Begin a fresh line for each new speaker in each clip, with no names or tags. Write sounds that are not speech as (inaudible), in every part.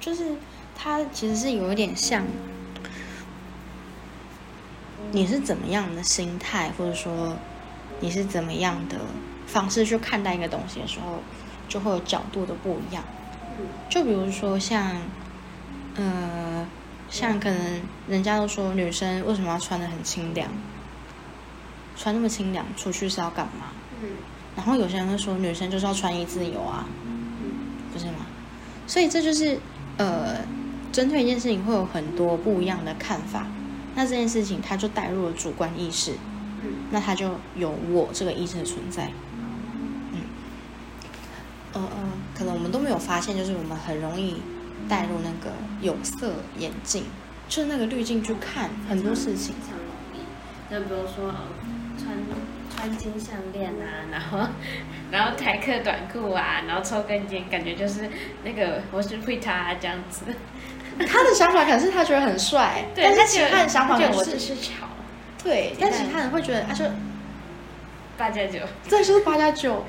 就是它其實是有一點像，你是怎麼樣的心態，或者說你是怎麼樣的方式去看待一個東西的時候，就會有角度的不一樣。就比如說像，呃，像可能人家都說女生為什麼要穿得很清涼，穿那麼清涼出去是要幹嘛？然後有些人會說女生就是要穿衣自由啊，不是嗎？所以這就是。呃，針對一件事情會有很多不一樣的看法，那這件事情它就帶入了主觀意識，那它就有我這個意識的存在，嗯，嗯、呃、可能我們都沒有發現，就是我們很容易帶入那個有色眼鏡，就是那個濾鏡去看很多事情，比如說穿。金項鏈啊，然後，然後台客短褲啊，對然後抽根菸感覺就是那個我是 p 他、啊、這樣子。他的想法可能是他覺得很帥，對但是其他的想法、就是就就我、就是潮對，在但是其他人會覺得他說、啊、八加九，這就是八加九，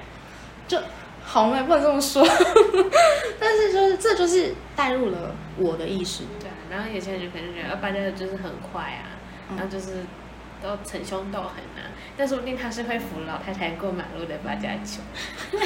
就好嗎？不能這麼說。 (laughs) 但是說、就是、這就是帶入了我的意識。對、啊，然後有些人就可能就覺得啊，八加九就是很快啊，嗯、然後就是。都逞兇鬥狠難、啊，但說不定他是會扶老太太過馬路的八家球， (laughs)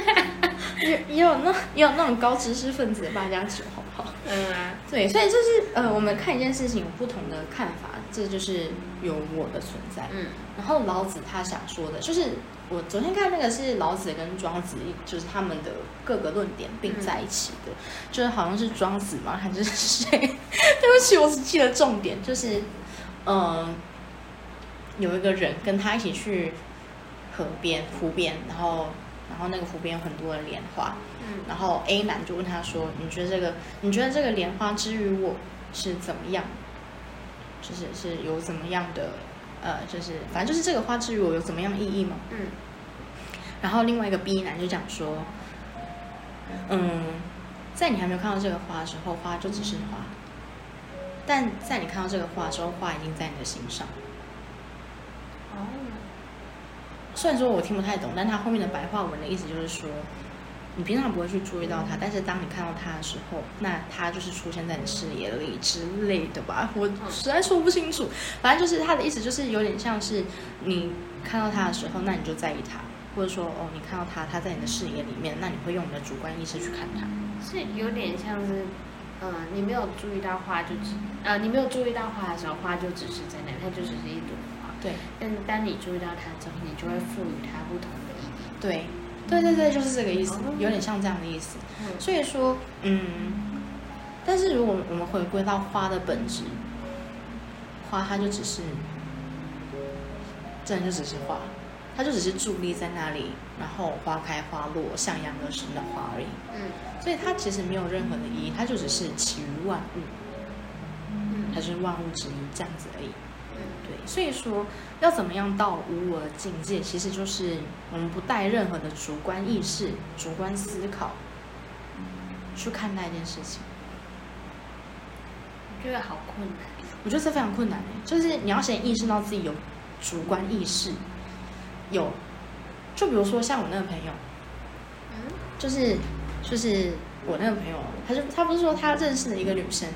(laughs) 也，也有那那有那種高知識分子的八家球，好不好？嗯啊，對，所以就是呃，我們看一件事情有不同的看法，這就是有我的存在。嗯，然後老子他想說的就是，我昨天看那個是老子跟莊子，就是他們的各個論點並在一起的，嗯、就是好像是莊子嗎？還是誰？ (laughs) 對不起，我只記得重點就是，嗯、呃。有一個人跟他一起去河邊、湖邊，然後，然後那個湖邊有很多的蓮花。嗯。然後 A 男就問他說：“你覺得這個，你覺得這個蓮花之於我，是怎麼樣？就是是有怎麼樣的？呃，就是反正就是這個花之於我有怎麼樣的意義嗎？”嗯。然後另外一個 B 男就講說：“嗯，在你還沒有看到這個花的時候，花就只是花；嗯。但在你看到這個花之後，花已經在你的心上。”呢，哦.雖然說我聽不太懂，但他後面的白話文的意思就是說，你平常不會去注意到他，但是當你看到他的時候，那他就是出現在你視野裡之類的吧？我實在說不清楚，反正就是他的意思就是有點像是你看到他的時候，那你就在意他，或者說哦，你看到他，他在你的視野裡面，那你會用你的主觀意識去看他。是有點像是，嗯、呃，你沒有注意到花就只，呃，你沒有注意到花的時候，花就只是在那，它就只是一朵。對，但當你注意到它之後，你就會賦予
它不同
的意義。對，對對對，就是這個意思，有點像這樣的意思。嗯、所以說，嗯，但是如果我們回歸到花的本質，花它就只是，真的就只是花，它就只是佇立在那裡，然後花開花落，向陽而生的花而已。嗯，所以它其實沒有任何的意義，它就只是起於萬物，
它就是
萬物之一這樣子而已。對，所以說要怎麼樣到無我的境界，其實就是我們不帶任何的主觀意識、主觀思考去看待一件事情。我覺得好困難。我覺得這非常困難，就是你要先意識到自己有主觀意識，有，就比如說像我那個朋友，嗯，就是就是我那個朋友，他就他不是說他認識了一個女生，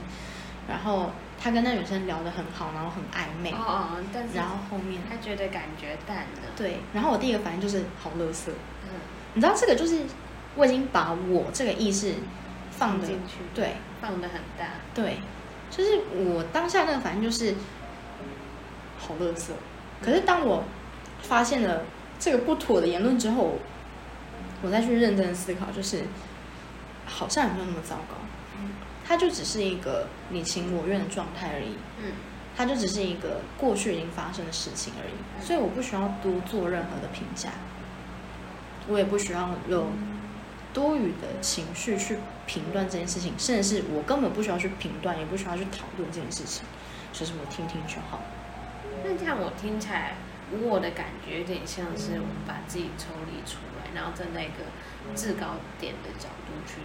然後。他跟那女生聊得很好，然後很曖昧。哦，但然後後面他覺得感覺淡了。對，然後我第一個反應就是好垃圾。嗯，你知道這個就是我已經把我這個意識放的，放進去，對，
放的很大。
對，就是我當下那個反應就是好垃圾。可是當我發現了這個不妥的言論之後，我再去認真思考，就是好像也沒有那麼糟糕。它就只是一個你情我願的狀態而已，嗯，它就只是一個過去已經發生的事情而已，所以我不需要多做任何的評價，我也不需要有多餘的情緒去評斷這件事情，甚至是我根本不需要去評斷，也不需要去討論這件事情，所以我聽聽就好。那這樣我聽起來，我的感覺有點像是我們把自己抽離出來，然後站在一個制高點的角度去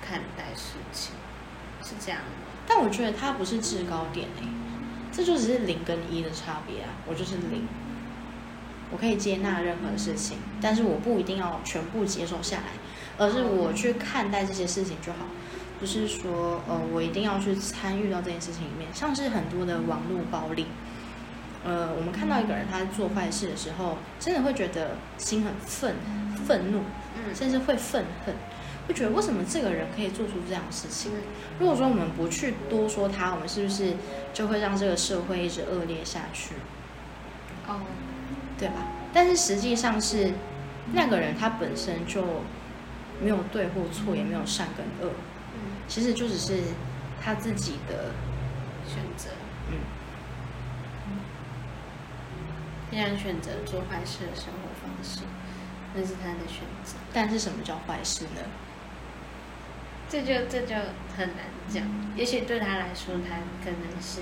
看待事情。是這樣，但我覺得它不是制高點欸，這就只是零跟一的差別啊。我就是零，我可以接納任何事情，嗯，但是我不一定要全部接受下來，而是我去看待這些事情就好，嗯，不是說呃我一定要去參與到這件事情裡面。像是很多的網絡暴力，呃，我們看到一個人他做壞事的時候，真的會覺得心很憤憤怒，甚至會憤恨。嗯。會覺得為什麼這個人可以做出這樣的事情？如果說我們不去多說他，我們是不是就會讓這個社會一直惡劣下去？
哦，
對吧？但是實際上是那個人他本身就沒有對或錯，也沒有善跟惡。其實就只是他自己的選擇。嗯，嗯，既然選擇做壞事的生活方式，那是他的選擇。但是什麼叫壞事呢？這就這就很難講，嗯、也許對他來說，他可能是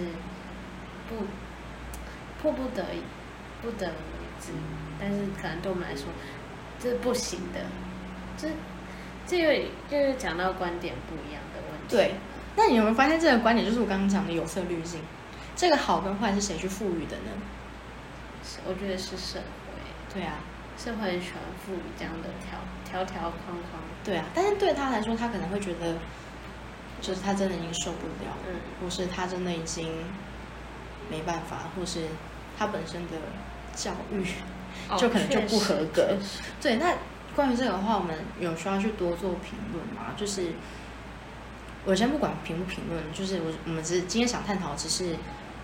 不迫不得已不得已，嗯、但是可能對我們來說，這不行的。這這個就是講到觀點不一樣的問題。對，那你有沒有發現這個觀點就是我剛剛講的有色濾鏡？這個好跟壞是誰去賦予的呢？我覺得是社會。對啊，社會全賦予這樣的條條條框框。對啊，但是對他來說，他可能會覺得，就是他真的已經受不了了，嗯、或是他真的已經沒辦法，或是他本身的教育、哦、就可能就不合格。對，那關於這個的話，我們有需要去多做評論嗎？就是我先不管評不評論，就是我我們只是今天想探討，只是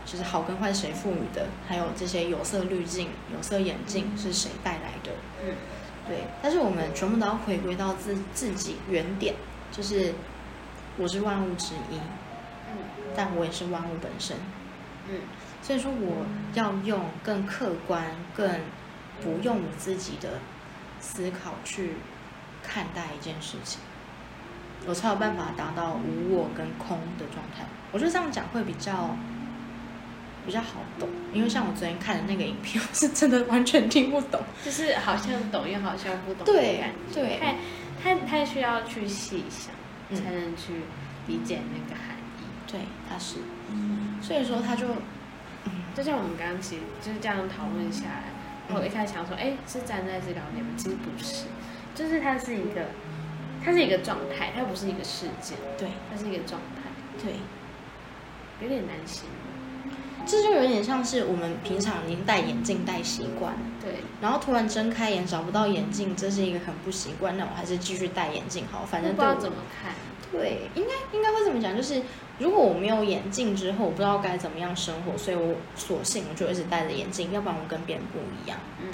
就是好跟壞誰賦予的，嗯、還有這些有色濾鏡、有色眼鏡是誰帶來的？嗯。嗯對，但是我們全部都要回歸到自自己原點，就是我是萬物之一，
但我
也是萬物本身，嗯，所以說我要用更客觀、更不用我自己的思考去看待一件事情，我才有辦法達到無我跟空的狀態。我覺得這樣講會比較。比較好懂，因為像我昨天看的那個影片，我是真的完全聽不懂，就是好像懂又好像不懂的感覺。對對，太太需要去細想，才能去理解那個含義。對，他是。所以說，他就就像我們剛剛其實就是這樣討論下來，然後我一開始想說，哎，是站在這兩點嗎？其實不是，就是它是一個，它是一個狀態，它不是一個事件。對，它是一個狀態。對，有點擔心。這就有點像是我們平常已經戴眼鏡戴習慣，
對，
然後突然睜開眼找不到眼鏡，這是一個很不習慣。那我還是繼續戴眼鏡好，反正不知道怎麼看。對，應該應該會怎麼講？就是如果我沒有眼鏡之後，我不知道該怎麼樣生活，所以我索性我就一直戴着眼鏡，要不然我跟別人不一樣。嗯，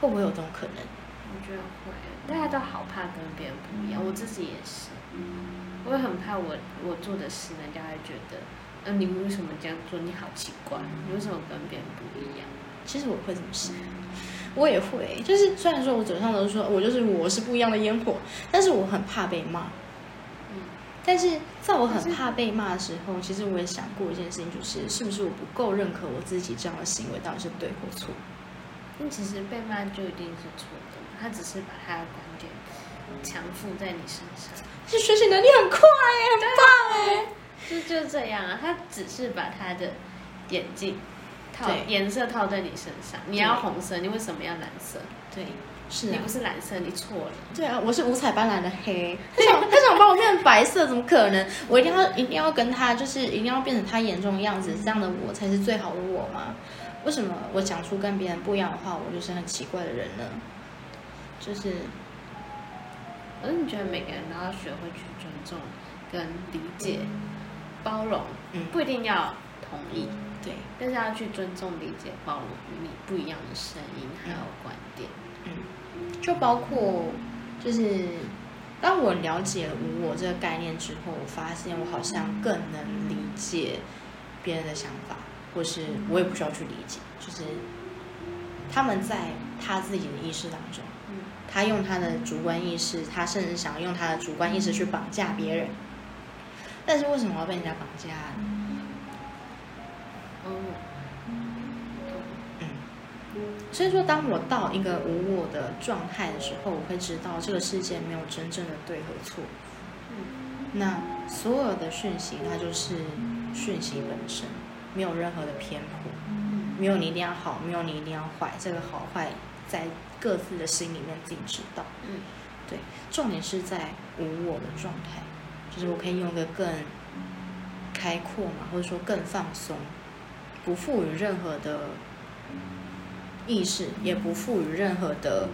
會不會有這種可能？我覺得會，大家都好怕跟別人不一樣，嗯、我自己也是。嗯，我也很怕我我做的事，人家會覺得。那、啊、你為什麼這樣做？你好奇怪，你為什麼跟別人不一樣？其實我會這麼想，嗯、我也會。就是雖然說，我嘴上都說我就是我是不一樣的煙火，但是我很怕被罵。嗯。但是在我很怕被罵的時候，嗯、其實我也想過一件事情，就是是不是我不夠認可我自己這樣的行為，到底是對或錯？那、嗯、其實被罵就一定是錯的，他只是把他的觀點強附在你身上。嗯、是學習能力很快、欸、很棒哎、欸。就是這樣啊，他只是把他的眼鏡套對顏色套在你身上。對你要紅色，你為什麼要藍色？對，是、啊、你不是藍色，你錯了。對啊，我是五彩斑斕的黑。他想，他想把我變成白色， (laughs) 怎麼可能？我一定要，一定要跟他，就是一定要變成他眼中的樣子，嗯、這樣的我才是最好的我嗎？為什麼我講出跟別人不一樣的話，我就是很奇怪的人呢？就是，而且你覺得每個人都要學會去尊重跟理解。嗯包容，不一定要同意，嗯、對，但是要去尊重、理解、包容你不一樣的聲音還有觀點。嗯，就包括就是當我了解了無我這個概念之後，我發現我好像更能理解別人的想法，或是我也不需要去理解，就是他們在他自己的意識當中，他用他的主觀意識，他甚至想用他的主觀意識去綁架別人。但是為什麼我要被人家綁架呢？哦，
嗯，
所以說，當我到一個無我的狀態的時候，我會知道這個世界沒有真正的對和錯。嗯，那所有的訊息，它就是訊息本身，沒有任何的偏頗。沒有你一定要好，沒有你一定要壞，這個好壞在各自的心裡面自己知道。嗯，對，重點是在無我的狀態。就是我可以用一個更開闊嘛，或者說更放鬆，不賦予任何的意識，也不賦予任何的。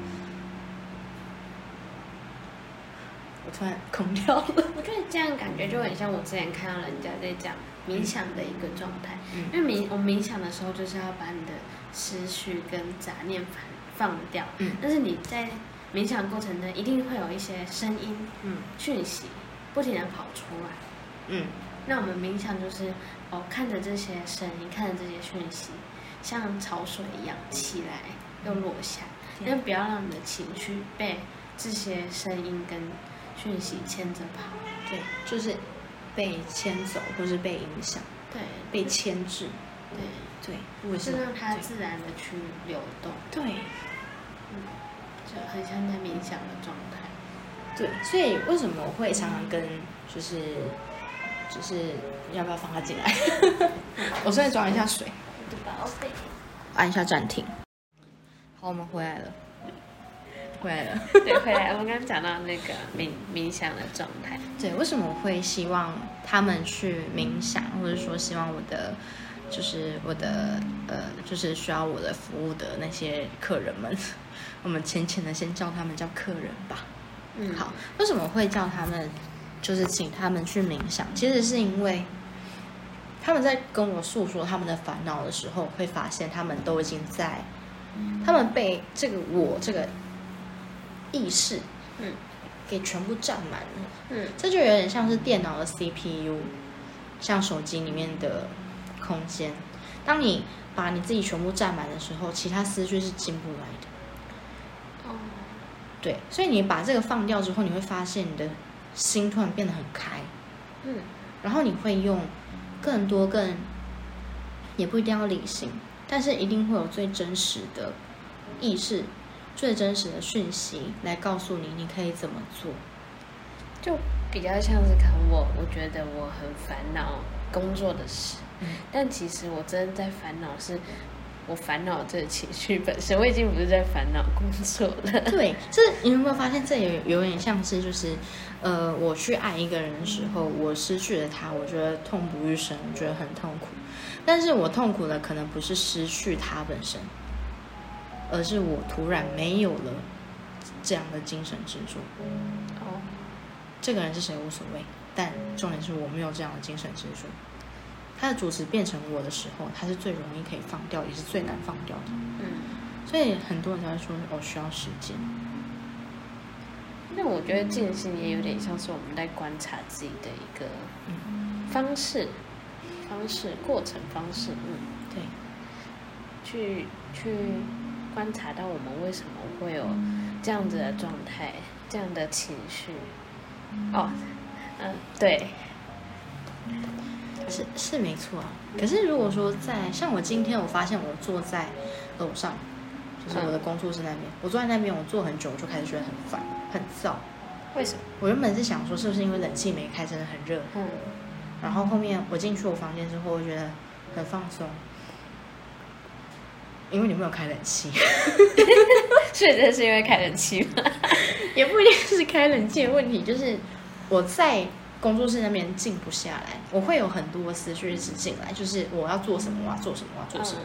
我突然空掉了。我覺得這樣感覺就很像我之前看到人家在講嗯、冥想的一個狀態，嗯、因為冥我冥想的時候就是要把你的思緒跟雜念放掉，嗯、但是你在冥想過程中一定會有一些聲音、嗯、訊息，不停地跑出來，嗯，那我們冥想就是哦，看着這些聲音，看着這些訊息，像潮水一樣起來、嗯、又落下，但、嗯、不要讓你的情緒被這些聲音跟訊息牽着跑，嗯、對，就是被牽走或是被影響，對，被牽制，對、嗯、對，對，是讓它自然的去流動，對，嗯，就很像在冥想的狀態。對，所以為什麼我會常常跟就是、嗯就是、就是要不要放他進來？ (laughs) 我現在裝一下
水，
我的寶貝，Okay. 按一下暫停。好，我們回來了，回來了。對，回來。我們剛剛講到那個冥 (laughs) 冥想的狀態。對，為什麼會希望他們去冥想，或者說希望我的就是我的呃，就是需要我的服務的那些客人們，我們淺淺的先叫他們叫客人吧。好，為什麼會叫他們，就是請他們去冥想？其實是因為他們在跟我訴說他們的煩惱的時候，會發現他們都已經在，他們被這個我這個意識，嗯，給全部占滿了，嗯，這就有點像是電腦的 CPU，像手機裡面的空間，當你把你自己全部占滿的時候，其他思緒是進不來的。對，所以你把這個放掉之後，你會發現你的心突然變得很開，嗯，然後你會用更多、更也不一定要理性，但是一定會有最真實的意識、嗯、最真實的訊息來告訴你你可以怎麼做，就比較像是看我我覺得我很煩惱工作的事，嗯、但其實我真的在煩惱是。我煩惱這情緒本身，我已經不是在煩惱工作了。 (laughs) 對，是，你有沒有發現？這也有點像是就是，呃，我去愛一個人的時候，我失去了他，我覺得痛不欲生，我覺得很痛苦。但是我痛苦的可能不是失去他本身，而是我突然沒有了這樣的精神支柱。嗯。哦，這個人是誰無所謂，但重點是我沒有這樣的精神支柱。他的主詞變成我的時候，他是最容易可以放掉，也是最難放掉的。嗯，所以很多人都會說，我、哦、需要時間。那我覺得靜心也有點像是我們在觀察自己的一個方式、嗯、方式、方式、過程方式。嗯，對，去去觀察到我們為什麼會有這樣子的狀態、這樣的情緒。哦、oh，嗯，對。是是沒錯啊，可是如果說在像我今天我發現我坐在樓上，
就是我的
工作室那邊，嗯、我坐在那邊，我坐很久，我就開始覺得很煩很燥，為什麼？我原本是想說是不是因為冷氣沒開真的很熱的，嗯、然後後面我進去我房間之後，我覺得很放鬆，因為你沒有開冷氣，所 (laughs) 以 (laughs) 是，是因為開冷氣嗎？也不一定是開冷氣的問題，就是我在。工作室那邊靜不下來，我會有很多思緒一直進來，就是我要做什麼、啊，我要做什麼、啊，我要做什麼。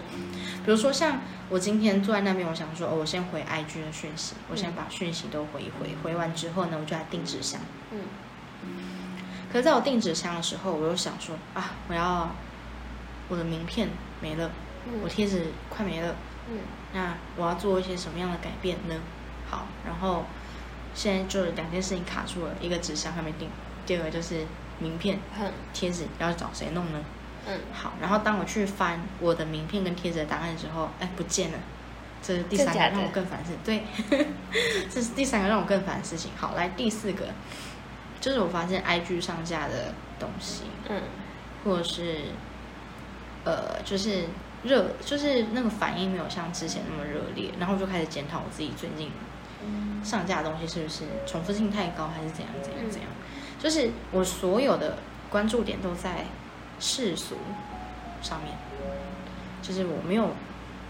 比如說像我今天坐在那邊，我想說，哦、我先回 IG 的訊息，我先把訊息都回一回。嗯、回完之後呢，我就來訂紙箱。嗯。可是在我訂紙箱的時候，我又想說，啊，我要我的名片沒了，嗯、我貼紙快沒
了，
嗯、那我要做一些什麼樣的改變呢？好，然後現在就是兩件事情卡住了，一個紙箱還沒訂。第二個就是名片、貼紙要找誰弄呢？嗯，好。然後當我去翻我的名片跟貼紙的答案的時候，哎，不見了。這是第三個讓我更煩的事。對，這是第三個讓我更煩的事情。好，來第四個，就是我發現 IG 上架的東西，嗯，或者是呃，就是熱，就是那個反應沒有像之前那麼熱烈，然後我就開始檢討我自己最近上架的東西是不是重複性太高，還是怎樣怎樣怎樣。就是我所有的關注點都在世俗上面，就是我沒有，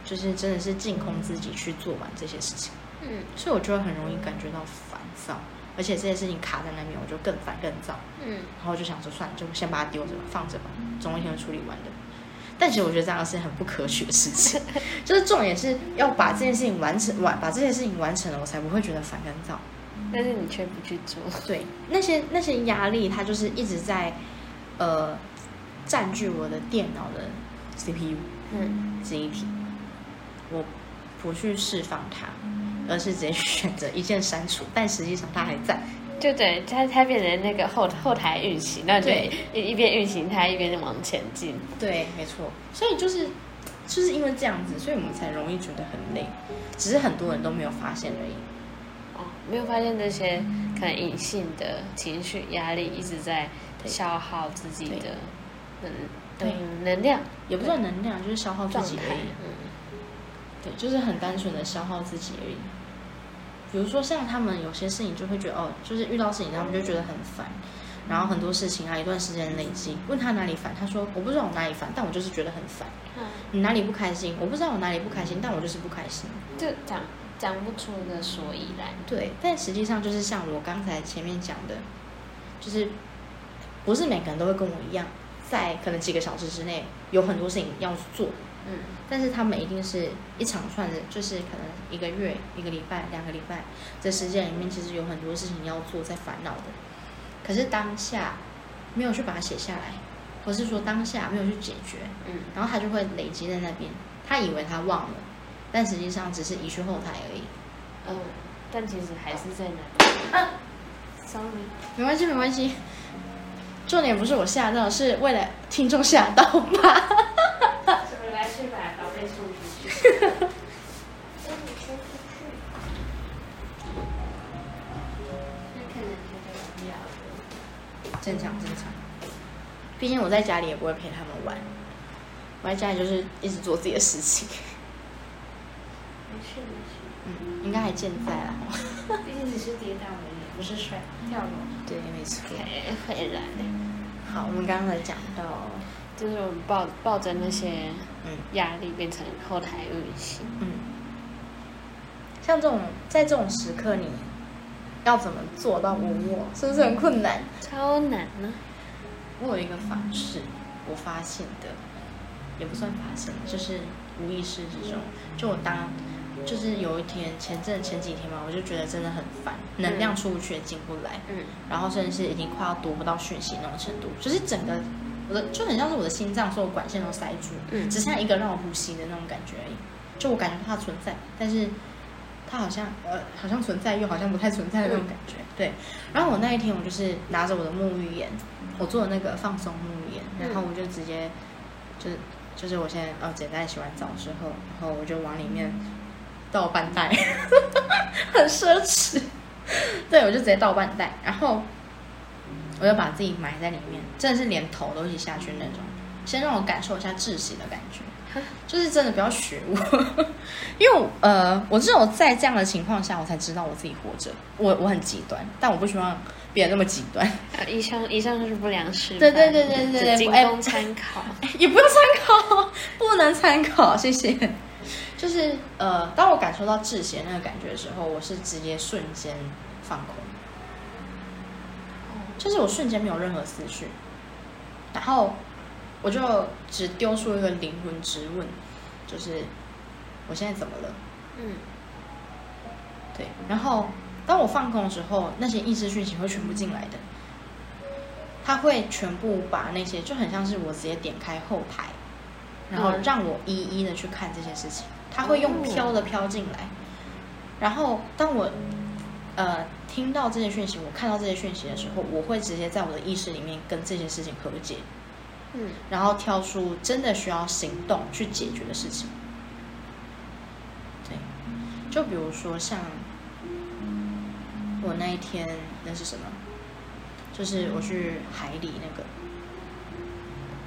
就是真的是淨空自己去做完這些事情，嗯，所以我就很容易感覺到煩躁，而且這些事情卡在那邊，我就更煩更躁，嗯，然後就想說，算了，就先把它丟着，放着吧，總有一天會處理完的。但其實我覺得這樣是很不可取的事情。嗯， (laughs) 就是重點是要把這件事情完成完，把這些事情完成了，我才不會覺得煩更躁。但是你卻不去做。對，那些那些壓力，它就是一直在，呃，佔據我的電腦的 CPU，嗯，記憶體。我不去釋放它，而是直接選擇一鍵刪除，但實際上它還在，就對，它它變成那個後後台運行，那就一一邊運行它，對一邊往前進。對，沒錯。所以就是就是因為這樣子，所以我們才容易覺得很累，只是很多人都沒有發現而已。沒有發現這些可能隱性的情緒壓力一直在消耗自己的能、嗯、對對對能量。對也不算能量，就是消耗自己而已狀態，嗯，對，就是很單純的消耗自己而已。比如說像他們有些事情就會覺得哦，就是遇到事情，他們就覺得很煩。然後很多事情啊，一段時間累積，問他哪裡煩？他說我不知道我哪裡煩，但我就是覺得很煩。嗯、你哪裡不開心？我不知道我哪裡不開心，但我就是不開心。就這樣。講不出的所以然。對，但實際上就是像我剛才前面講的，就是不是每個人都會跟我一樣，在可能幾個小時之內有很多事情要做。嗯。但是他們一定是一長串的，就是可能一個月、一個禮拜、兩個禮拜這時間裡面，其實有很多事情要做，在煩惱的。可是當下沒有去把它寫下來，或是說當下沒有去解決，嗯，然後他就會累積在那邊。他以為他忘了。但實際上，只是移去後台而已。嗯，但其實還是在那。
傷、
啊、y Sorry 沒關係，沒關係。重點不是我嚇到，是為了聽眾嚇到吧？ (laughs) 我來去把寶貝
送出去。先
出去。那可能正常，正常。畢竟我在家裡也不會陪他們玩，嗯、我在家裡就是一直做自己的事情。是是嗯，應該還健在啦。畢 (laughs) 竟你是跌倒的，已，不是摔、跳樓。嗯、對，沒錯。
太困人好，我們剛剛
才講到，就是我們抱抱着那些嗯壓力變成後台運行嗯，
嗯。
像這種在這種時刻，你要怎麼做到無我？嗯、是不是很困難？嗯、超難呢、啊。我有一個方式，我發現的，也不算發現，就是無意識之中，嗯、就我當。嗯就是有一天，前陣前幾天嘛，我就覺得真的很煩，能量出不去也進不來，嗯，然後甚至是已經快要讀不到訊息那種程度，嗯、就是整個我的就很像是我的心臟所有管線都塞住，嗯，只剩一個讓我呼吸的那種感覺而已。就我感覺它存在，但是它好像呃好像存在又好像不太存在的那種感覺。嗯、對。然後我那一天我就是拿着我的沐浴鹽，我做的那個放鬆沐浴鹽，嗯、然後我就直接就是就是我現在哦，簡單洗完澡之後，然後我就往裡面。嗯倒半袋呵呵，很奢侈。對，我就直接倒半袋，然後我就把自己埋在裡面，真的是連頭都一起下去那種。先讓我感受一下窒息的感覺，就是真的不要學我，因為呃，我只有在這樣的情況下，我才知道我自己活着。我我很極端，但我不希望別人那麼極端。以上以上就是不良示範。對對對對對對，不用參考，欸欸，也不用參考，不能參考，謝謝。就是呃，當我感受到窒息那個感覺的時候，我是直接瞬間放空，就是我瞬間沒有任何思緒，然後我就只丟出一個靈魂質問，就是我現在怎麼了？嗯，對。然後當我放空的時候，那些意識訊息會全部進來的，他會全部把那些就很像是我直接點開後台，
然後
讓我一一的去看這些事情。他會用飄的飄進來，然後當我，呃，聽到這些訊息，我看到這些訊息的時候，我會直接在我的意識裡面跟這件事情和解，嗯，然後挑出真的需要行動去解決的事情。對，就比如說像我那一天那是什麼？就是我去海裡那個。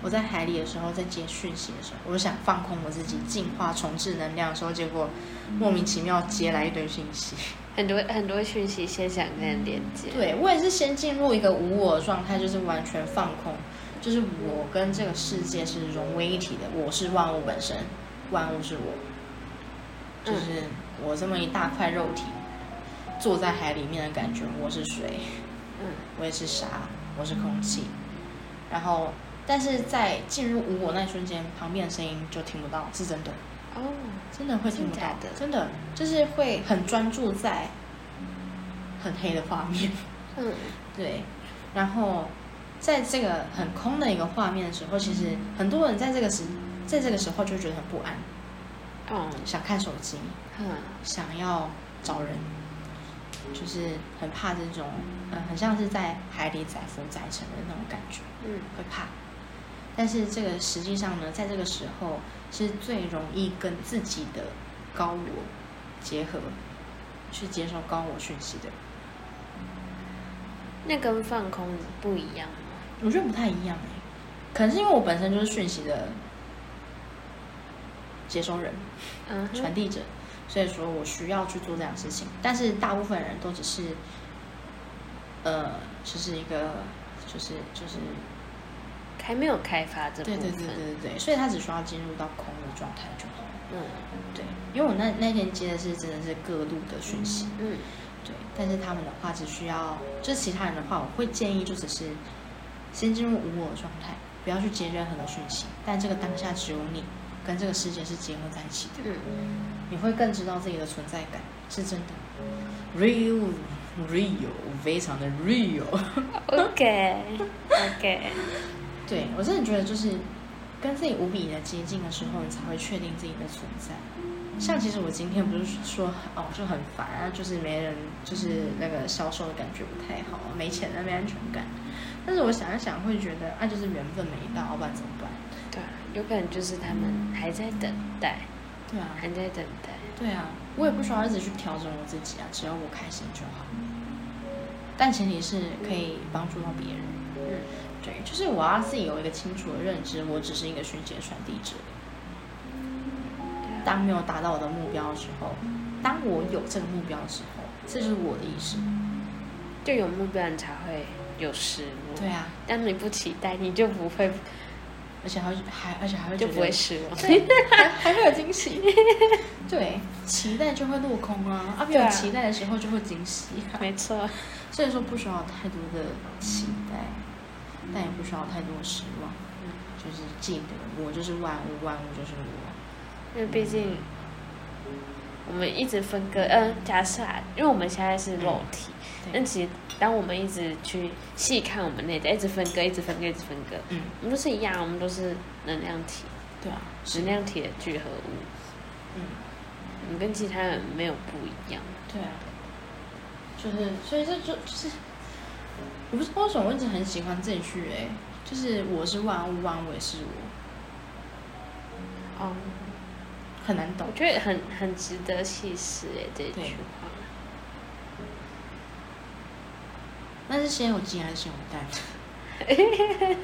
我在海裡的時候，在接訊息的時候，我就想放空我自己，淨化、重置能量的時候，結果莫名其妙接來一堆訊息，很多很多訊息，先想跟人連接。對，我也是先進入一個無我的狀態，就是完全放空，就是我跟這個世界是融為一體的，我是萬物本身，萬物是我，就是我這麼一大塊肉體坐在海裡面的感覺。我是水，我也是沙，我是空氣，嗯，然後。但是在進入無我那一瞬間，旁邊的聲音就聽不到，是真的哦，真的會聽不到的，真的就是會很專注在很黑的畫面，嗯，對。然後在這個很空的一個畫面的時候，嗯、其實很多人在這個時在這個時候就覺得很不安，嗯，想看手機，嗯，想要找人，嗯、就是很怕這種，嗯、呃，很像是在海裡載浮載沉的那種感覺，嗯，會怕。但是這個實際上呢，在這個時候是最容易跟自己的高我結合，去接受高我訊息的。那跟放空不，不一樣嗎？我覺得不太一樣哎。可能是因為我本身就是訊息的接收人、uh，嗯、huh，傳遞者，所以說我需要去做這樣的事情。但是大部分人都只是，呃，只是一個，就是，就是。還沒有開發這部分，對對對，對，對，對，所以他只需要進入到空的
狀態就好了。嗯，
對，因為我那那天接的是真的是各路的訊息，嗯，嗯，對，但是他們的話只需要，就是其他人的話，我會建議就只是先進入無我狀態，不要去接任何的訊息。但這個當下只有你、嗯、跟這個世界是結合在一起的，嗯，你會更知道自己的存在感是真的，real real，非常的 real。OK OK。 (laughs) 對，我真的覺得，就是跟自己無比的接近的時候，你才會確定自己的存在。像其實我今天不是說哦，就很煩，啊，就是沒人，就是那個銷售的感覺不太好，沒錢那沒安全感。但是我想一想，會覺得啊，就是緣分沒到，不然怎麼辦？對啊，有可能就是他們還在等待，對啊、嗯，還在等待，對啊，我也不需要一直去調整我自己啊，只要我開心就好。但前提是可以幫助到別人，嗯。嗯就是我要自己有一個清楚的認知，我只是一個訊息傳遞者。啊、當沒有達到我的目標的時候，當我有這個目標的時候，這就是我的意識。就有目標，你才會有失落。對啊，但是你不期待，你就不會，而且還還而且還會就不會失
望
(laughs) 還會有驚喜。 (laughs) 對，期待就會落空啊！啊，沒有、啊、期待的時候就會驚喜、啊，沒錯。所以說，不需要太多的期待。但也不需要太多失望，嗯、就是記得我就是萬物，萬物就是我。因為畢竟我們一直分割，嗯、呃，假設，因為我們現在是肉體，嗯、但其實當我們一直去細看我們內在，一直分割，一直分割，一直分割，嗯，我們都是一樣，我們都是能量體，對啊，能量體的聚合物，
嗯，
我們跟其他人沒有不一樣，對啊，就是，所以這就就是。我不是為什麼我一直很喜歡這句哎、欸，就是我是萬物，萬物也是我。哦，oh, 很難懂。我覺得很很值得細思哎這句話。那對、oh. 是先有雞還是先有蛋？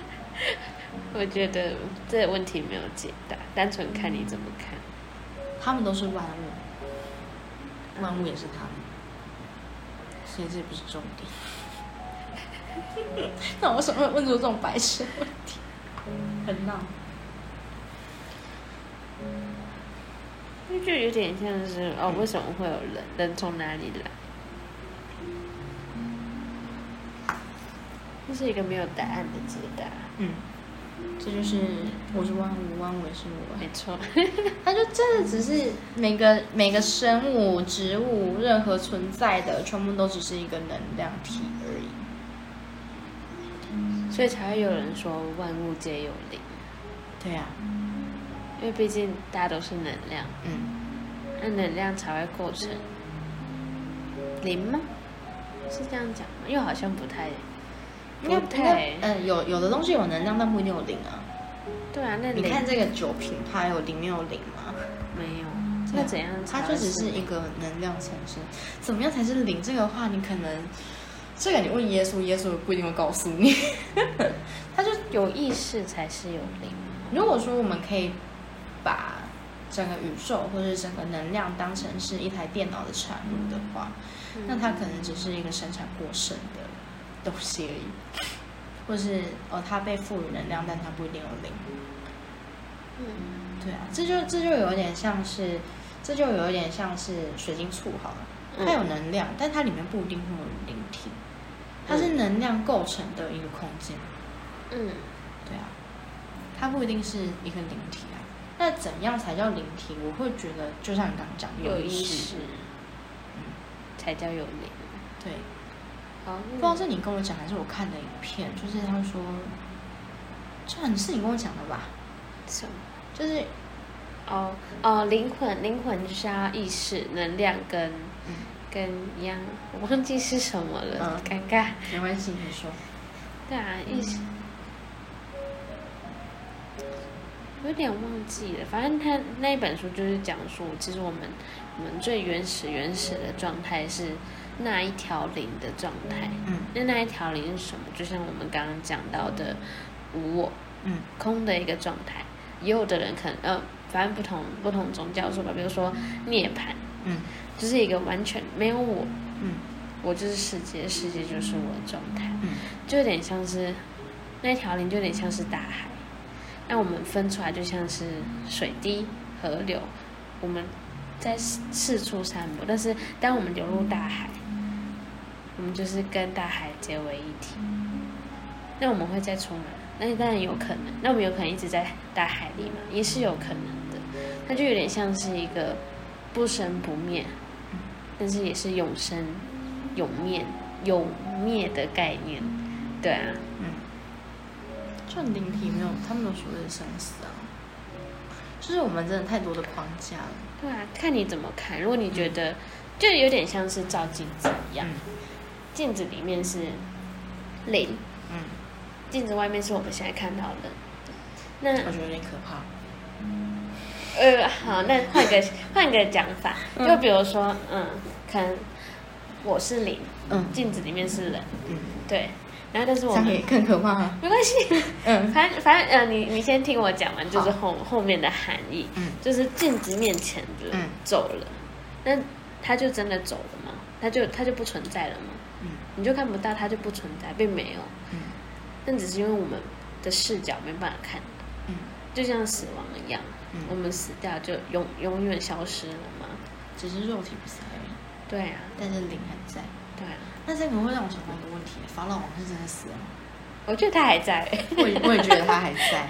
(laughs) 我覺得這個問題沒有解答，單純看你怎麼看。他們都是萬物，萬物也是他們。Oh. 所以這不是重點。 (laughs) 那我為什麼會問出這種白痴的問題？ (laughs) 很鬧鬧。那就有點像是哦，為什麼會有人？人從哪裡來？這是一個沒有答案的解答。嗯，這就是我是萬物、嗯，萬物也是我。沒錯，他 (laughs) 就真的只是每個每個生物、植物，任何存在的，全部都只是一個能量體而已。所以才會有人說萬物皆有靈，對呀、啊，因為畢竟大家都是能量，嗯，那能量才會構成靈嗎？是這樣講嗎？又好像不太，應該因為 不太，嗯、呃，有有的東西有能量，但不一定有靈啊。對啊，那你看這個酒瓶，它有靈沒有靈嗎？沒有，那怎樣？它就只是一個能量產生。怎麼樣才是靈？這個話你可能。這個你問耶穌，耶穌不一定會告訴你。他 (laughs) 就有意識才是有靈。如果說我們可以把整個宇宙或是整個能量當成是一台電腦的產物的話，嗯、那它可能只是一個生產過剩的東西而已，嗯、或是哦，它被賦予能量，但它不一定有靈。嗯、
對
啊，這就這就有點像是，這就有點像是水晶簇好了，它有能量，嗯、但它裡面不一定會有靈體。嗯、它是能量構成的一個空間，嗯，對啊，它不一定是一個靈體啊。那怎樣才叫靈體？我會覺得，就像你剛剛講有意識，
嗯、
才叫有靈。對，好，不知道是你跟我講、嗯、還是我看的影片，就是他說，這很，是你跟我講的吧？是麼，就是，哦哦，靈、哦、魂，靈魂就是意識、能量跟。跟一樣，我忘記是什麼了，呃、尷尬。沒關係，你說。對啊，一直、嗯、有點忘記了。反正他那一本書就是講述，其實我們我們最原始原始的狀態是那一條零的狀態。嗯。那那一條零是什麼？就像我們剛剛講到的無我。
嗯。
空的一個狀態，也有的人可能呃，反正不同不同宗教說吧，比如說涅槃。嗯。嗯就是一個完全沒有我，
嗯，
我就是世界，世界就是我的狀態，嗯，就有點像是那條林，就有點像是大海，那我們分出來就像是水滴、河流，我們在四四處散步，但是當我們流入大海，我們就是跟大海結為一體，那我們會再出來，那當然有可能，那我們有可能一直在大海裡嘛，也是有可能的，它就有點像是一個不生不滅。但是也是永生、永面、永滅的概念，嗯、對啊，嗯，轉靈體沒有，他們都說的生死啊，就是我們真的太多的框架了。對啊，看你怎麼看。如果你覺得、嗯、就有點像是照鏡子一樣，嗯、鏡子裡面是累嗯，鏡子外面是我們現在看到的。那我覺得有點可怕、嗯。呃，好，那換個 (laughs) 換個講法，就比如說，嗯。嗯看，我是人，嗯，鏡子裡面是人，嗯，對，
然後但是我們更可怕哈，沒
關係，嗯，反正反正，呃，你你先聽我講完，就是後後面的含義，嗯，就是鏡子面前的走了，那他就真的走了嗎？他就他就不存在了嗎？
你
就看不到他就不存在，並沒有，但只是因為我們的視角沒辦法看，就像死亡一樣，我們死掉就永永遠消失了嗎？只是肉體不在。對啊，但是靈還在。對，但是可能會讓我想到一個問題：法老王是真的死了嗎？我覺得他還在欸。我 (laughs) 我也覺得他還在。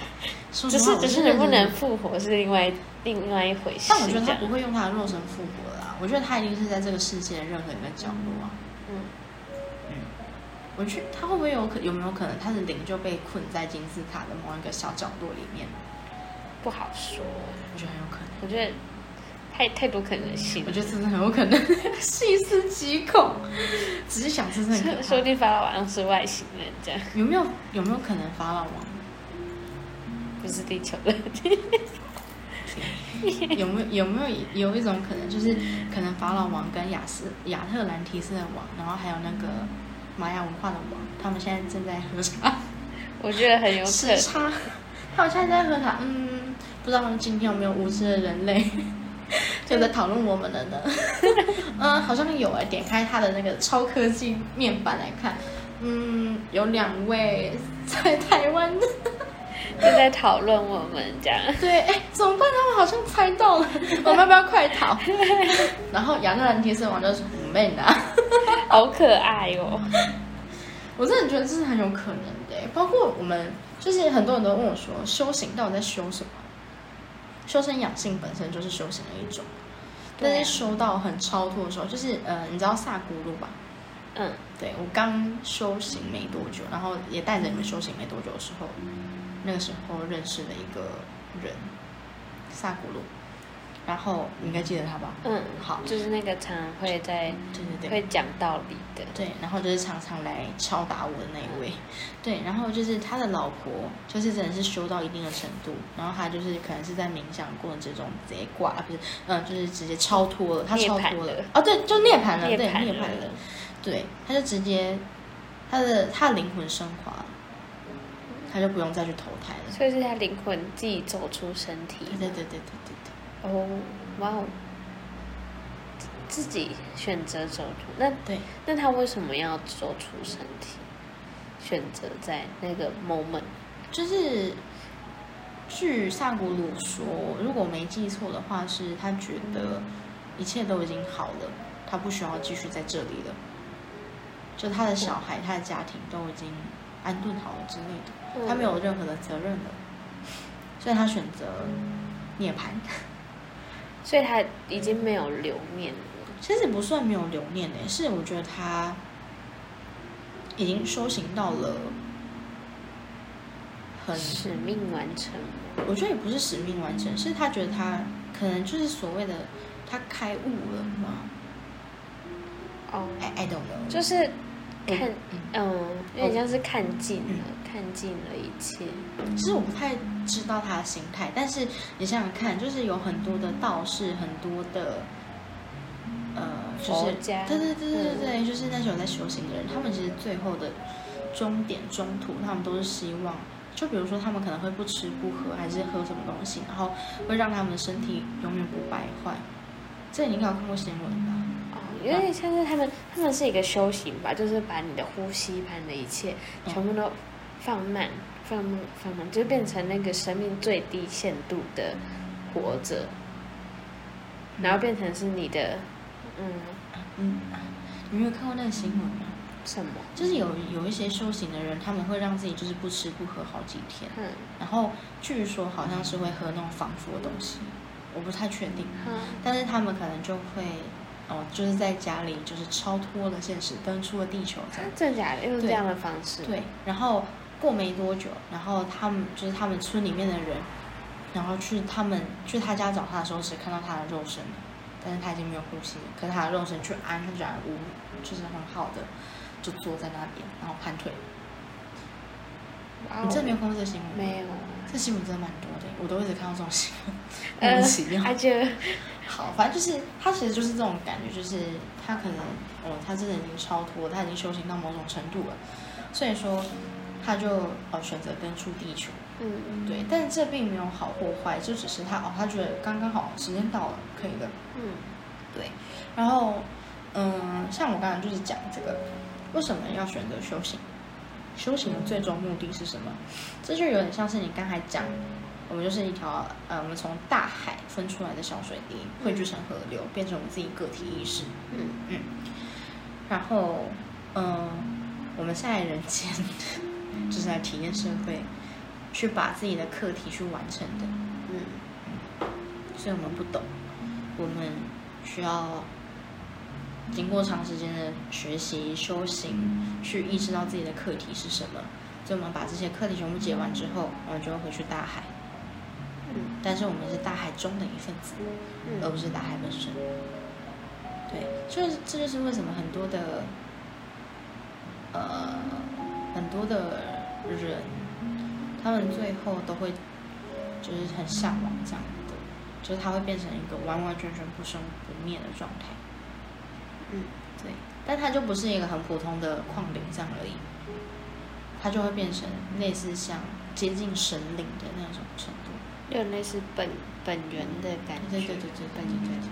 說實話，只是，只是能不能復活是另外另外一回事。但我覺得他不會用他的肉身復活了啦。我覺得他一定是在這個世界的任何一個角落啊。
嗯，
嗯我覺得他會不會有可有沒有可能他的靈就被困在金字塔的某一個小角落裡面？不好說。我覺得很有可能。我覺得。太太多可能性，我覺得這是，是很有可能。 (laughs) 細思極恐，只是想說這說不定法老王是外星人，這樣有沒有有沒有可能法老王不是地球人？ (laughs) 有沒有有沒有有一種可能，就是可能法老王跟亞斯亞特蘭提斯的王，然後還有那個瑪雅文化的王，他們現在正在喝茶。我覺得很有可能。時差，他們現在在喝茶。嗯，不知道他們今天有沒有無知的人類。就在討論我們了呢， (laughs) 嗯，好像有哎、欸，點開他的那個超科技面板來看，嗯，有兩位在台灣的 (laughs) 就在討論我們這樣，對，哎、欸，怎麼辦？他們好像猜到了，我們要不要快逃？ (laughs) (laughs) 然後亞的蘭天生王就是五妹啊 (laughs) 好可愛哦，我真的很覺得這是很有可能的、欸，包括我們，就是很多人都問我說，修行到底在修什麼？修身養性本身就是修行的一種，嗯、但是說到很超脫的時候，就是呃，你知道薩古魯吧？嗯，對，我剛修行沒多久，然後也帶着你們修行沒多久的時候，嗯、那個時候認識了一個人，薩古魯。然後你應該記得他吧？嗯，好，就是那個常常會在對對對，會講道理的。對，然後就是常常來敲打我的那一位。對，然後就是他的老婆，就是真的是修到一定的程度，然後他就是可能是在冥想過程中賊卦，不是？嗯，就是直接超脫了，他超脫了。哦，對，就涅槃了。對，涅槃了。對，他就直接，他的他的靈魂升華，他就不用再去投胎了，所以是他靈魂自己走出身體。對對對對對。哦，哇！哦，自己選擇走出，那對，那他為什麼要走出身體選擇在那個 moment？就是據薩古魯說，如果沒記錯的話，是他覺得一切都已經好了，嗯、他不需要繼續在這裡了。就他的小孩、哦、他的家庭都已經安頓好了之類的，他沒有任何的責任了，嗯、所以他選擇涅槃。嗯 (laughs) 所以他已經沒有留念了。其實不算沒有留念、欸，哎，是我覺得他已經修行到了很，很使命完成。我覺得也不是使命完成，是他覺得他可能就是所謂的他開悟了嘛。哦，哎，I don't know，就是。嗯、看，嗯、哦，好像是看盡了，哦，看盡了一切。其實我不太知道他的心態，但是你想想看，就是有很多的道士，很多的，呃，就是家對對對對對，嗯、就是那種在修行的人，他們其實最後的終點、中途，他們都是希望，就比如說他們可能會不吃不喝，還是喝什麼東西，嗯、然後會讓他們的身體永遠不敗壞。這你應該有看過新聞吧，啊？因為現在他們，他們是一個修行吧，就是把你的呼吸、把你的一切全部都放慢，嗯、放慢、放慢，就變成那個生命最低限度的活着，嗯、然後變成是你的，嗯嗯，你有沒有看過那個新聞嗎？什麼？就是有有一些修行的人，他們會讓自己就是不吃不喝好幾天，嗯，然後據說好像是會喝那種防腐的東西，我不太確定，嗯，但是他們可能就會。哦，就是在家裡，就是超脫了現實，登出了地球，這樣，真、啊、假的又是這樣的方式對。對，然後過沒多久，然後他們就是他們村裡面的人，然後去他們去他家找他的時候時，只看到他的肉身了，但是他已經沒有呼吸了。可是他的肉身卻安然無，就是很好的，就坐在那邊，然後盤腿。Wow, 你真的沒有看過這新聞？沒有，這新聞真的蠻多的，我都一直看到這種新聞，莫名其妙。 (laughs) 喜 (laughs) 好，反正就是他，其實就是這種感覺，就是他可能，哦，他真的已經超脫，他已經修行到某種程度了，所以說，他就，哦，選擇登出地球，嗯嗯，對，但是這並沒有好或壞，就只是他，哦，他覺得剛剛好，時間到了，可以了，嗯，對，然後，嗯，像我剛才就是講這個，為什麼要選擇修行？修行的最終目的是什麼？這就有點像是你剛才講。我們就是一條，呃，我們從大海分出來的小水滴，匯聚成河流，變成我們自己個體意識。嗯嗯。然後，嗯、呃，我們現在人間，就是來體驗社會，去把自己的課題去完成的。嗯。所以我們不懂，我們需要經過長時間的學習修行，去意識到自己的課題是什麼。所以我們把這些課題全部解完之後，我們就會回去大海。但是我們是大海中的一份子，
而不是
大海本身。對，所以這就是為什麼很多的，呃，很多的人，他們最後都會就是很嚮往這樣的，就是他會變成一個完完全全不生不滅的狀態。對，但他就不是一個很普通的礦靈這樣而已，他就會變成類似像接近神靈的那種程度。就類似本本源的感覺，對對對對，本源感覺，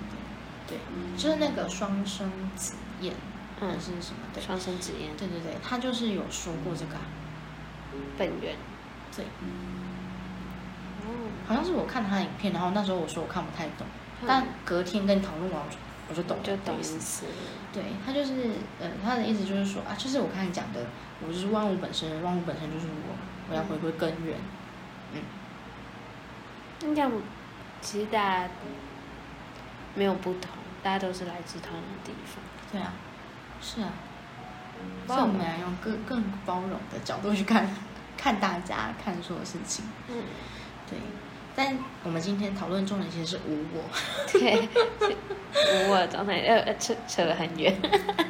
對，就是那個雙生子眼，還是什麼，雙生子眼，對對對，他就是有說過這個，本源，
對，哦，好
像是我看他的影片，然後那時候我說我看不太懂，但隔天跟討論完我就我就懂了，就懂意思，對，他就是，呃，他的意思就是說啊，就是我看你講的，我就是萬物本身，萬物本身就是我，我要回歸根源，嗯。應該不，其實大家沒有不同，大家都是來自同一個地方。
對啊，是啊。嗯、所以我們要用
更更包容的角度去看，看大家看錯的事情。嗯、對，但我們今天討論重點其實是無我。對，無我的狀態， (laughs) 呃，扯扯得很遠，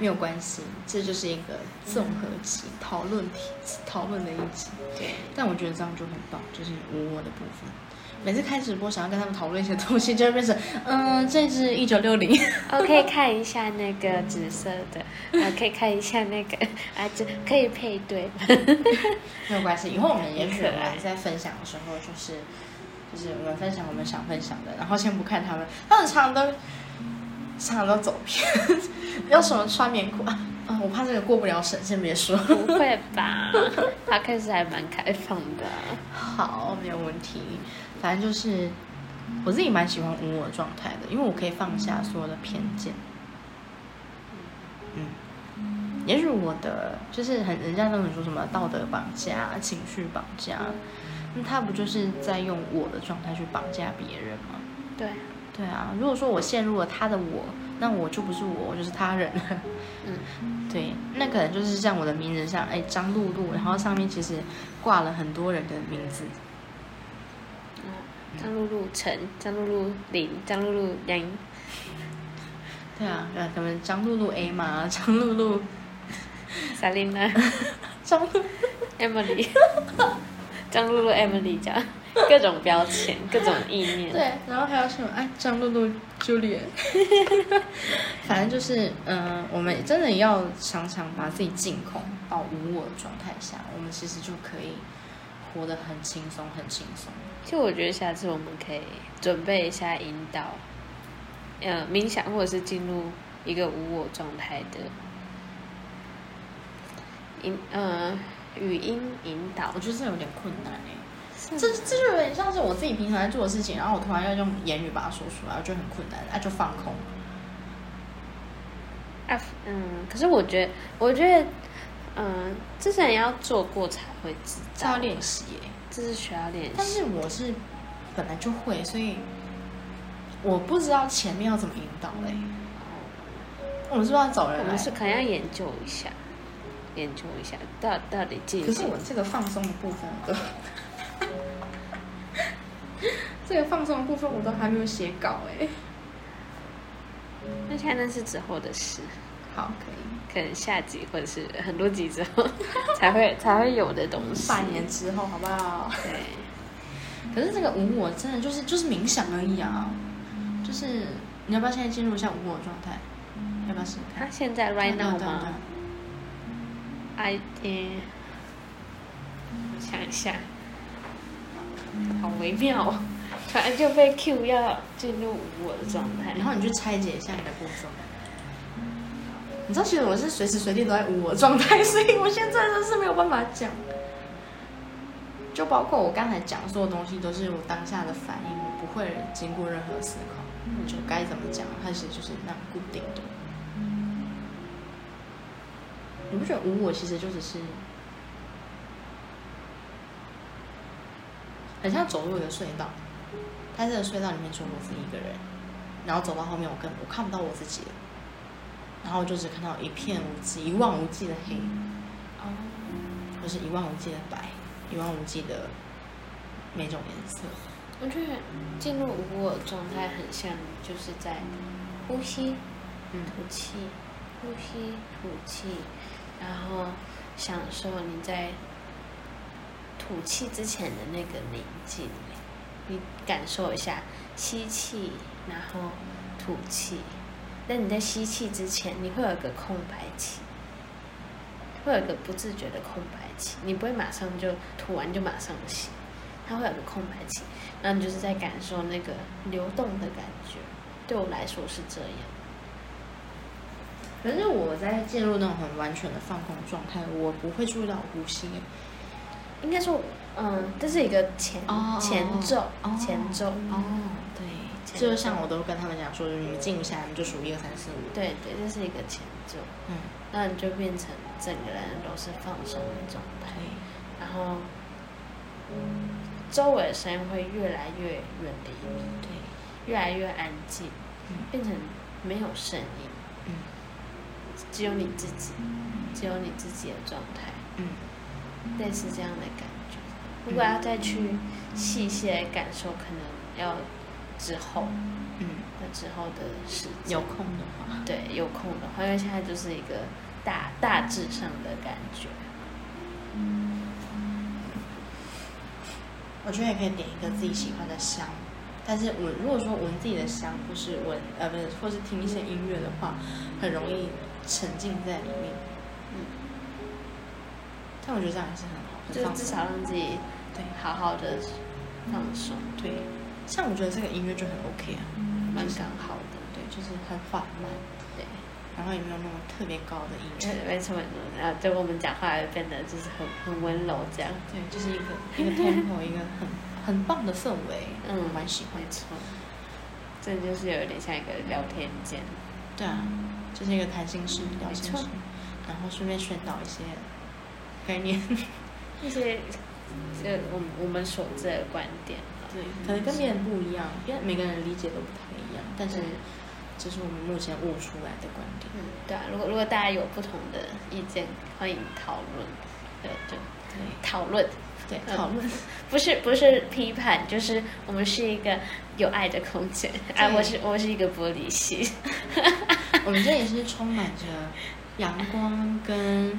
沒有關係，這就是一個綜合體，討論題討論的一集。對，但我覺得這樣就很棒，就是無我的部分。每次開直播，想要跟他們討論一些東西，就會變成，嗯、呃，這只一九六零。我可以看一下那個紫色的，我可以看一下那個，啊，這可以配對。 (laughs) 沒有關係，以後我們也許我們在分享的時候，就是就是我們分享我們想分享的，然後先不看他們，他們常常都常常都走偏， (laughs) 有什麼穿棉褲啊？我怕這個過不了審，先別說。 (laughs) 不會吧？他蠻開始還蠻開放的、啊。好，沒有問題。反正就是，我自己蠻喜歡無我的狀態的，因為我可以放下所有的偏見。嗯，也許我的就是很人家那種說什麼道德綁架、情緒綁架，那、嗯、他不就是在用我的狀態去綁架別人嗎？
對，
對啊。如果說我陷入了他的我，那我就不是我，我就是他人了。嗯
是， (laughs)
對，那可能就是像我的名字上，哎，張露露，然後上面其實掛了很多人的名字。嗯、張露露陳、張露露林、張露露楊，對啊，呃，咱們張露露 A 嘛，張露露，Selina，張露 Emily，張露露 Emily 這樣， (laughs) 各種標籤， (laughs) 各種意念。
對，然後還有什麼？哎，
張露露 Julie。Juliet、 (laughs) 反正就是，嗯、呃，我們真的要想想，把自己淨空到無我的狀態下，我們其實就可以活得很輕鬆，很輕鬆。其實我覺得下次我們可以準備一下引導，嗯、呃，冥想或者是進入一個無我狀態的嗯、呃，語音引導。我覺得這有點困難哎，是這這就有點像是我自己平常在做的事情，然後我突然要用言語把它說出來，我覺得很困難，啊，就放空。
啊，嗯，可是
我覺得，我覺得，嗯、呃，之前也要做過才會知道，練習耶。這是需要練習，但是我是本來就會，所以我不知道前面要怎麼引導嘞。嗯嗯、我們是不知道要找人，我們是可能要研究一下，嗯、研究一下到到底。可是我這個放鬆的部分都， (laughs) (laughs) 這個放鬆的部分我都還沒有寫稿哎、欸，那現在是之後的事。好，可以，可能下集或者是很多集之後 (laughs) 才會才會有的東西。半年之後，好不好？對。可是這個無我真的就是就是冥想而已啊，就是你要不要現在進入一下無我狀態？要不要試試？他現在 right now 的要要 I D 我想一下，好微妙，突然就被 cue 要進入無我的狀態。然後你就拆解一下你的工作你知道，其實我是隨時隨地都在無我的狀態，所以我現在真是沒有辦法講。就包括我剛才講的所有的東西，都是我當下的反應，我不會經過任何思
考。我就
該怎麼講，它其實就是那樣固定的。嗯，你不覺得無我其實就只是很像走入一個隧道，它這個隧道裡面只有我自己一個人，然後走到後面我跟，我根本看不到我自己。然後就只看到一片無際、一望無際的黑，嗯、哦，嗯、或是一望無際的白，一望無際的每種顏色。我覺得進入無我狀態很像，嗯、就是在呼吸、嗯、吐氣、呼吸、吐氣，然後享受你在吐氣之前的那個寧靜。你感受一下，吸氣，然後吐氣。但你在吸氣之前，你會有個空白期，會有個不自覺的空白期，你不會馬上就吐完就馬上吸，它會有個空白期，然後你就是在感受那個流動的感覺。對我來說是這樣，反正我在進入那種很完全的放空狀態，我不會注意到呼吸，應該說，嗯，這是一個前前奏，前奏，哦，對。就像我都跟他們講說，就是、你靜下來，你就數一個、二、三、四、五。對對，這是一個前奏。嗯，那你就變成整個人都是放鬆的狀態，嗯、然後，周圍的聲音會越來越遠離你、嗯，對，越來越安靜，嗯、變成沒有聲音，嗯，只有你自己，只有你自己的狀態，嗯，類似這樣的感覺。嗯、如果要再去細細感受，嗯、可能要。之後，嗯，那之後的時間有空的話，對，有空的話，因為現在就是一個大大致上的感覺，嗯。我覺得也可以點一個自己喜歡的香，但是我如果說聞自己的香，或是聞呃，不是，或是聽一些音樂的話，很容易沉浸在裡面。嗯，嗯，但我覺得這樣還是很好的，就至少讓自己對好好的
放鬆，對。嗯，對。
像我覺得這個音樂就很 OK
啊，蠻剛
好的，對，就是很緩慢，對，然後也沒有那麼特別高的音樂，沒錯沒錯，然後對我們講話變得就是很很溫柔這樣，對，就是一個一個 tempo 一個很很棒的氛圍，嗯，蠻喜歡的。這就是有點像一個聊天間，對啊，就是一個談心室，沒錯，然後順便宣導一些概念，一些呃，我我們所持的觀點。對，可能跟別人不一樣，嗯、因為每個人理解都不太一樣。嗯、但是，這是我們目前悟出來的觀點。嗯，對啊，如果如果大家有不同的意見，歡迎討論。對對，討論對討論，不是不是批判，就是我們是一個有愛的空間。哎對，我是我是一個玻璃心，我們這也是充滿着陽光跟。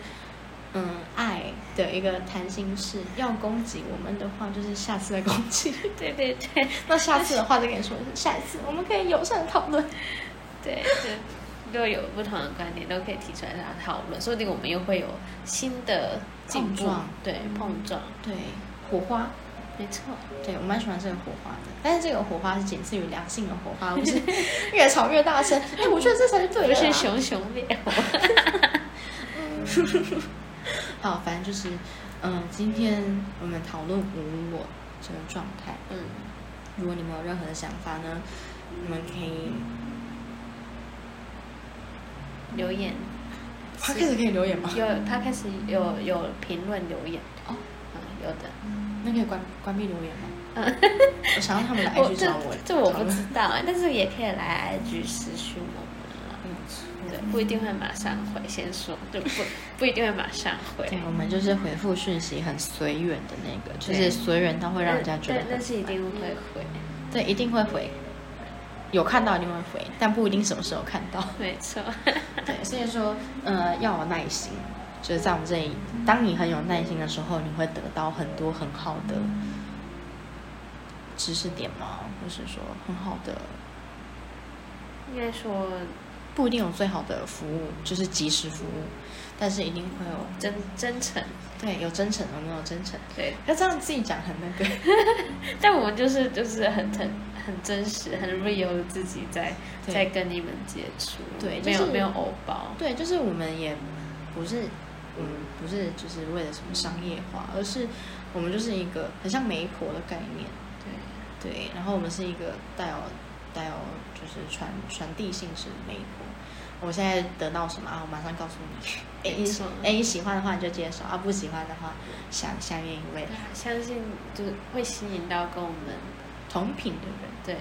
嗯，愛的一個談心室，要攻擊我們的話，就是下次再攻擊。 (laughs) 對對對， (laughs) 那下次的話再跟你說，下一次我們可以友善討論。對 (laughs) 對，都有不同的觀點，都可以提出來大家討論，說不定我們又會有新的症狀，對碰撞，對火花，沒錯。對，我蠻喜歡這個火花的，但是這個火花是僅次於良性的火花，不 (laughs) 是越吵越大聲。哎、 (laughs) 欸，我覺得這才是對的、啊，是熊熊烈火。 (laughs) (laughs)
嗯
好，反正就是，嗯、呃，今天我們討論無我這個狀態。嗯，如果你們有任何的想法呢，你們可以留言。他開始可以留言嗎？有，他開始有有評論留言。哦，嗯，有的，那可以關關閉留言嗎？哈哈，我想讓他們來 IG 找我。哦，這。這我不知道， (laughs) 但是也可以來 IG 私信我。對，不一定會馬上回，嗯、先說就不不一定會馬上回。對嗯、我們就是回復訊息很隨緣的那個，就是隨緣，他會讓人家覺得但。但但是一定會回。對，一定會回。有看到一定會回，但不一定什麼時候看到。
沒錯。
對，所以說， (laughs) 呃，要有耐心。就是在我們這裡，當你很有耐心的時候，你會得到很多很好的知識點嘛，或是說很好的，應該說。不一定有最好的服務，就是及時服務，但是一定會有真真誠。對，有真誠，有沒有真誠？對，要這樣自己講很那個。 (laughs) 但我們就是就是很很很真實，很 real 自己在對在跟你們接觸。對、就是沒，沒有沒有偶包。對，就是我們也不是嗯不是就是為了什麼商業化，而是我們就是一個很像媒婆的概念。
對
對，然後我們是一個帶有帶有就是傳傳遞性質的媒婆。我現在得到什麼啊？我馬上告訴你。哎、欸，你說錯、欸，你喜歡的話你就接受啊，不喜歡的話想下面一位。相信就是會吸引到跟我們同頻，對不對？對，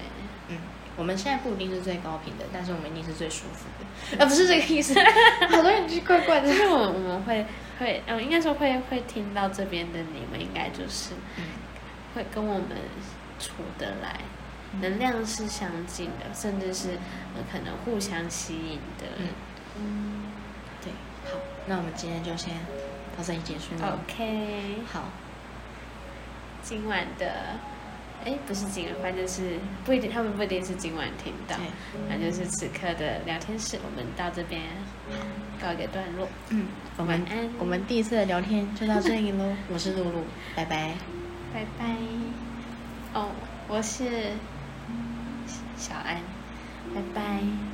嗯，我們現在不一定是最高頻的，但是我們一定是最舒服的。嗯、啊，不是這個意思， (laughs) 好多人就怪怪的。就是我，我們會會，嗯，應該說會會聽到這邊的你們，應該就是會跟我們處得來。能量是相近的，甚至是可能互相吸引的。嗯，對，好，那我們今天就先到這裡結束 OK，好，今晚的，哎，不是今晚，反正是不一定，他們不一定，是今晚聽到，反正對是此刻的聊天室，我們到這邊好告一個段落。嗯，晚安。我們第一次的聊天就到這裡嘍。 (laughs) 我是露露，拜拜。拜拜。哦、oh，我是。小安，拜拜。